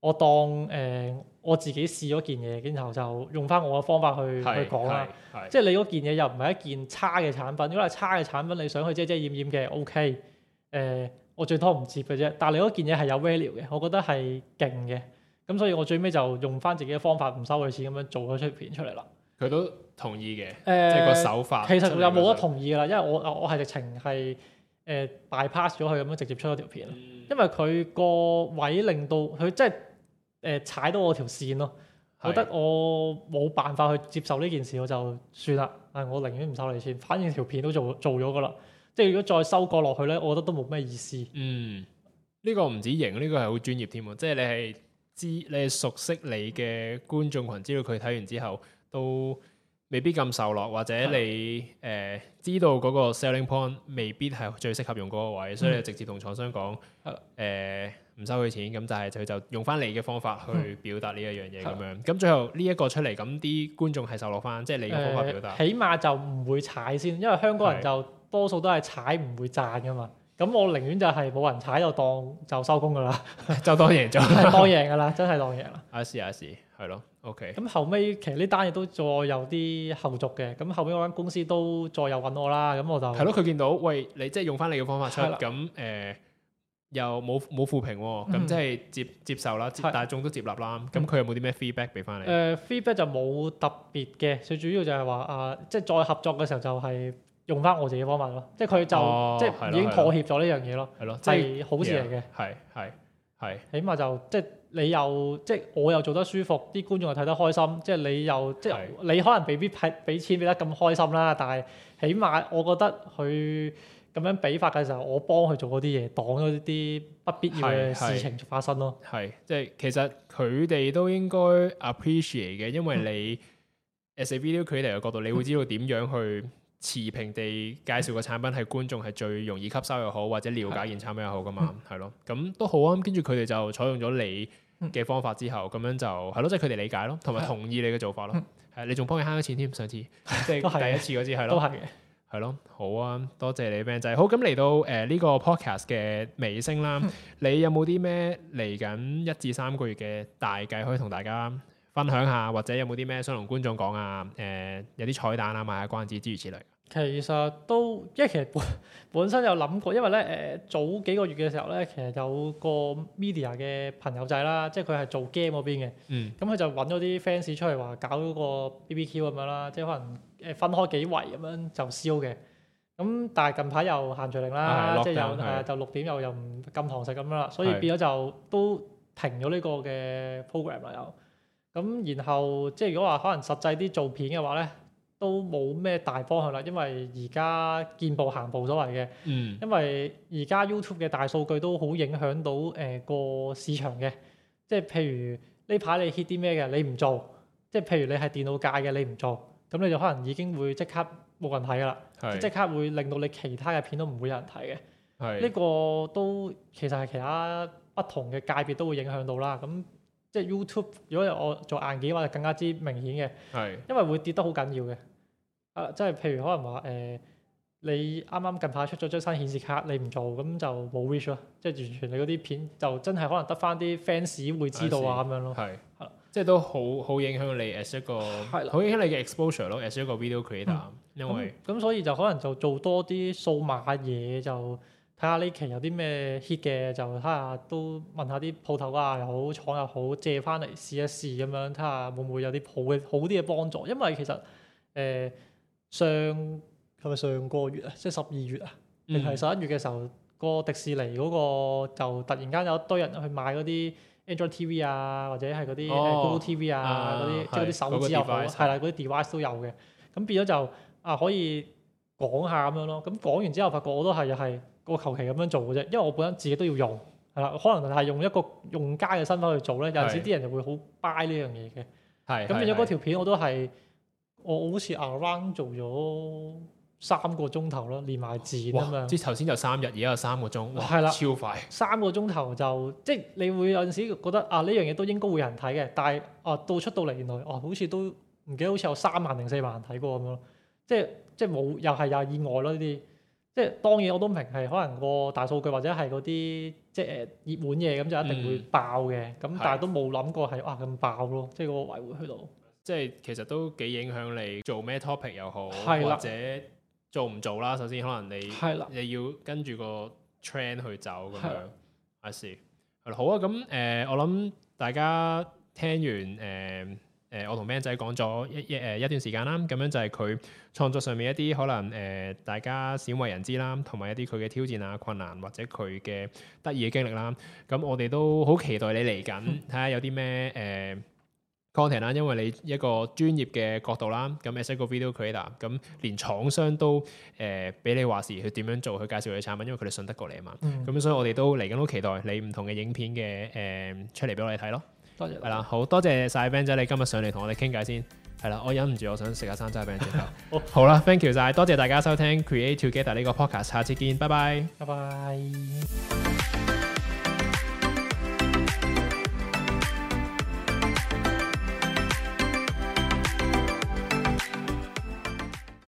我當誒、呃、我自己試咗件嘢，然後就用翻我嘅方法去是去講說啦。即係你嗰件嘢又唔係一件差嘅產品，如果係差嘅產品你想去遮遮掩掩嘅 OK，誒、呃、我最多唔接嘅啫。但係你嗰件嘢係有 value 嘅，我覺得係勁嘅。咁所以，我最尾就用翻自己嘅方法唔收佢錢，咁樣做咗出片出嚟啦。佢都同意嘅，呃、即係個手法。其實又冇得同意啦，嗯、因為我我係直情係誒 bypass 咗佢，咁樣直接出咗條片。嗯、因為佢個位令到佢即係誒踩到我條線咯，的我覺得我冇辦法去接受呢件事，我就算啦。誒，我寧願唔收你錢，反正條片都做做咗噶啦。即係如果再收過落去咧，我覺得都冇咩意思。嗯，呢、呢個唔止型，呢、呢個係好專業添喎。即係你係。知你熟悉你嘅觀眾群，知道佢睇完之後都未必咁受落，或者你誒知道嗰個 selling point 未必係最適合用嗰個位，嗯、所以你直接同廠商講誒唔收佢錢，咁但係佢就用翻你嘅方法去表達呢一樣嘢咁樣，咁的最後呢一個出嚟，咁啲觀眾係受落翻，即、就、係、是、你嘅方法表達、呃，起碼就唔會踩先，因為香港人就多數都係踩唔會讚㗎嘛。咁我寧願就係冇人踩就當就收工噶啦，就當贏咗， *laughs* 當贏噶啦，真係當贏啦、啊。啊是啊是，係咯，OK。咁、啊啊啊啊、後尾其實呢單嘢都再有啲後續嘅，咁後尾嗰間公司都再有揾我啦，咁我就係咯。佢見到，喂，你即係用翻你嘅方法出，咁誒了、嗯呃、又冇冇負評喎，咁即係接接受啦，大眾都接納啦。咁佢的、嗯、有冇啲咩 feedback 俾翻你？誒、呃、feedback 就冇特別嘅，最主要就係話啊，即係再合作嘅時候就係、是。用翻我自己方法咯，即係佢就即係已經妥協咗呢樣嘢咯，係咯，係好事嚟嘅，係係係，起碼就即係你又即係我又做得舒服，啲觀眾又睇得開心，即係你又即係你可能未必係俾錢俾得咁開心啦，但係起碼我覺得佢咁樣比法嘅時候，我幫佢做嗰啲嘢，擋咗啲不必要嘅事情發生咯，係即係其實佢哋都應該 appreciate 嘅，因為你 as a video creator 嘅角度，你會知道點樣去，持平地介紹個產品，係觀眾係最容易吸收又好，或者了解件產品又好噶嘛，係咯，咁都好啊。跟住佢哋就採用咗你嘅方法之後，咁、嗯、樣就係咯，即係佢哋理解咯，同埋同意你嘅做法咯。係的，你仲幫佢慳咗錢添，上次即係第一次嗰次係咯，都係嘅，係咯，好啊，多謝你，Van 仔。好，咁嚟到誒呢、呃這個 podcast 嘅尾聲啦，嗯、你有冇啲咩嚟緊一至三個月嘅大計可以同大家？分享下或者有冇啲咩想同觀眾講啊？誒、呃，有啲彩蛋啊，賣下關子諸如此類。其實都，因為其實本本身有諗過，因為咧誒、呃、早幾個月嘅時候咧，其實有個 media 嘅朋友仔啦，即係佢係做 game 嗰邊嘅。咁佢、嗯嗯、就揾咗啲 fans 出嚟話搞嗰個 BBQ 咁樣啦，即係可能誒分開幾圍咁樣就燒嘅。咁但係近排又限聚令啦，啊、對即係又，誒就六點又又唔禁堂食咁樣啦，所以變咗就都停咗呢個嘅 program 啦又。咁然後即係如果話可能實際啲做片嘅話呢，都冇咩大方向啦，因為而家見步行步所謂嘅。嗯。因為而家 YouTube 嘅大數據都好影響到誒個、呃、市場嘅，即係譬如呢排你 hit 啲咩嘅，你唔做，即係譬如你係電腦界嘅，你唔做，咁你就可能已經會即刻冇人睇噶啦。是即刻會令到你其他嘅片都唔會有人睇嘅。呢是個都其實係其他不同嘅界別都會影響到啦。咁、嗯。即係 YouTube，如果我做硬件話就更加之明顯嘅，是因為會跌得好緊要嘅。啊，即係譬如可能話誒，你啱啱近排出咗張新顯示卡，你唔做咁就冇 reach 咯，即係完全你嗰啲片就真係可能得翻啲 fans 會知道啊咁、啊、樣咯。係是，係，即係都好好影響你 as 一個，係啦的，好影響你嘅 exposure 咯，as 一個 video creator、嗯。因為咁、嗯、所以就可能就做多啲數碼嘢就。就睇下呢期有啲咩 hit 嘅，就睇下都問下啲鋪頭啊，又好廠又好借翻嚟試一試咁樣，睇下會唔會有啲好嘅好啲嘅幫助。因為其實誒、呃、上係咪上個月啊，即係十二月啊，定係十一月嘅時候，個迪士尼嗰個就突然間有一堆人去買嗰啲 Android TV 啊，或者係嗰啲 Google TV 啊，嗰啲即係啲手指啊，係啦嗰啲 device 都有嘅。咁變咗就啊可以講下咁樣咯。咁講完之後，發覺我都係又係。我求其咁樣做嘅啫，因為我本身自己都要用，係啦，可能係用一個用家嘅身份去做咧。有陣時啲人就會好 buy 呢樣嘢嘅。係。咁變咗嗰條片我都係，我好似 around 做咗三個鐘頭啦，連埋字啊嘛。即係頭先就三日，而家就三個鐘。係啦。哇，超快。三個鐘頭就即係你會有陣時覺得啊呢樣嘢都應該會有人睇嘅，但係啊到出到嚟原來哦、啊、好似都唔記得好似有三萬定四萬人睇過咁咯。即係即係冇又係有意外咯呢啲。即係當然，我都明係可能個大數據或者係嗰啲即係熱門嘢咁就一定會爆嘅。咁、嗯、但係都冇諗過係哇咁爆咯，就是、圍即係個維護去到。即係其實都幾影響你做咩 topic 又好，的或者做唔做啦。首先可能你又的要跟住個 trend 去走咁樣。阿 s, 的 i 係啦，好啊，咁誒、呃，我諗大家聽完誒。呃誒，我同 Van 仔講咗一一誒一段時間啦，咁樣就係佢創作上面一啲可能誒，大家少為人知啦，同埋一啲佢嘅挑戰啊、困難或者佢嘅得意嘅經歷啦。咁我哋都好期待你嚟緊，睇下看看有啲咩誒 content 啦，因為你一個專業嘅角度啦，咁係一個 video creator，咁連廠商都誒俾你話事去點樣做，去介紹佢嘅產品，因為佢哋信得過你啊嘛。咁、嗯、所以我哋都嚟緊好期待你唔同嘅影片嘅誒出嚟俾我哋睇咯。多謝，係啦，好多謝晒。Van 仔你今日上嚟同我哋傾偈先，係 *noise* 啦樂，我忍唔住我想食下山楂餅之後，好啦，thank you 晒，多謝大家收聽 Create Together 呢個 podcast，下次見，拜拜，拜拜。